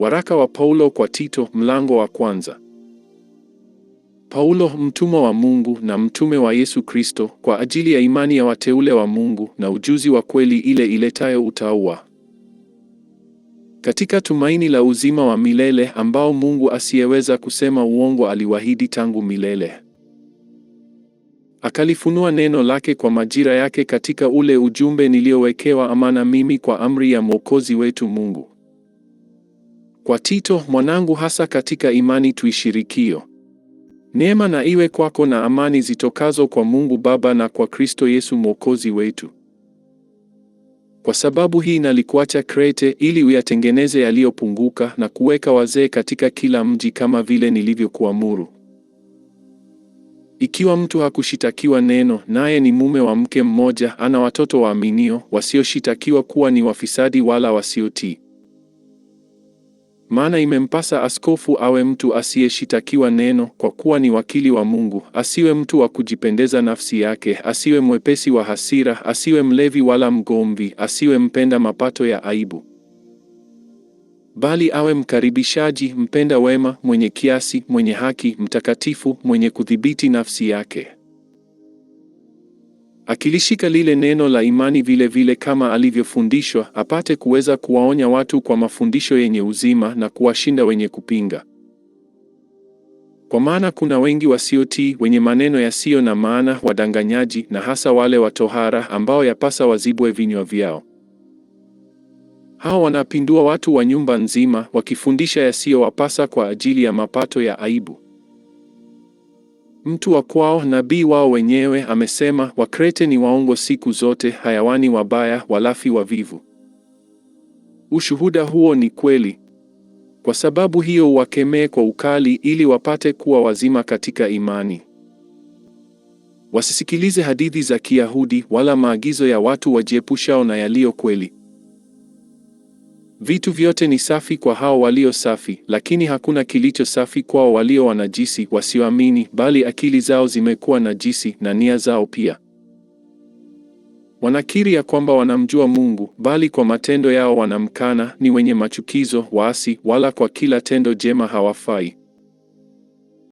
Waraka wa Paulo kwa Tito, mlango wa kwanza. Paulo mtumwa wa Mungu na mtume wa Yesu Kristo kwa ajili ya imani ya wateule wa Mungu na ujuzi wa kweli ile iletayo utauwa, katika tumaini la uzima wa milele ambao Mungu asiyeweza kusema uongo aliwahidi tangu milele, akalifunua neno lake kwa majira yake katika ule ujumbe niliowekewa amana mimi kwa amri ya Mwokozi wetu Mungu kwa Tito mwanangu, hasa katika imani tuishirikio. Neema na iwe kwako na amani zitokazo kwa Mungu Baba na kwa Kristo Yesu Mwokozi wetu. Kwa sababu hii nalikuacha Krete, ili uyatengeneze yaliyopunguka na kuweka wazee katika kila mji, kama vile nilivyokuamuru. Ikiwa mtu hakushitakiwa neno, naye ni mume wa mke mmoja, ana watoto waaminio, wasioshitakiwa kuwa ni wafisadi wala wasiotii maana imempasa askofu awe mtu asiyeshitakiwa neno, kwa kuwa ni wakili wa Mungu, asiwe mtu wa kujipendeza nafsi yake, asiwe mwepesi wa hasira, asiwe mlevi wala mgomvi, asiwe mpenda mapato ya aibu, bali awe mkaribishaji, mpenda wema, mwenye kiasi, mwenye haki, mtakatifu, mwenye kudhibiti nafsi yake akilishika lile neno la imani vile vile kama alivyofundishwa, apate kuweza kuwaonya watu kwa mafundisho yenye uzima na kuwashinda wenye kupinga. Kwa maana kuna wengi wasiotii, wenye maneno yasiyo na maana, wadanganyaji, na hasa wale wa tohara ambao yapasa wazibwe vinywa vyao. Hao wanapindua watu wa nyumba nzima, wakifundisha yasiyowapasa kwa ajili ya mapato ya aibu mtu wa kwao, nabii wao wenyewe amesema, Wakrete ni waongo siku zote, hayawani wabaya, walafi wavivu. Ushuhuda huo ni kweli. Kwa sababu hiyo wakemee kwa ukali, ili wapate kuwa wazima katika imani. Wasisikilize hadithi za Kiyahudi wala maagizo ya watu wajiepushao na yaliyo kweli. Vitu vyote ni safi kwa hao walio safi, lakini hakuna kilicho safi kwao walio wanajisi, wasioamini, bali akili zao zimekuwa najisi na nia zao pia. Wanakiri ya kwamba wanamjua Mungu, bali kwa matendo yao wanamkana, ni wenye machukizo, waasi, wala kwa kila tendo jema hawafai.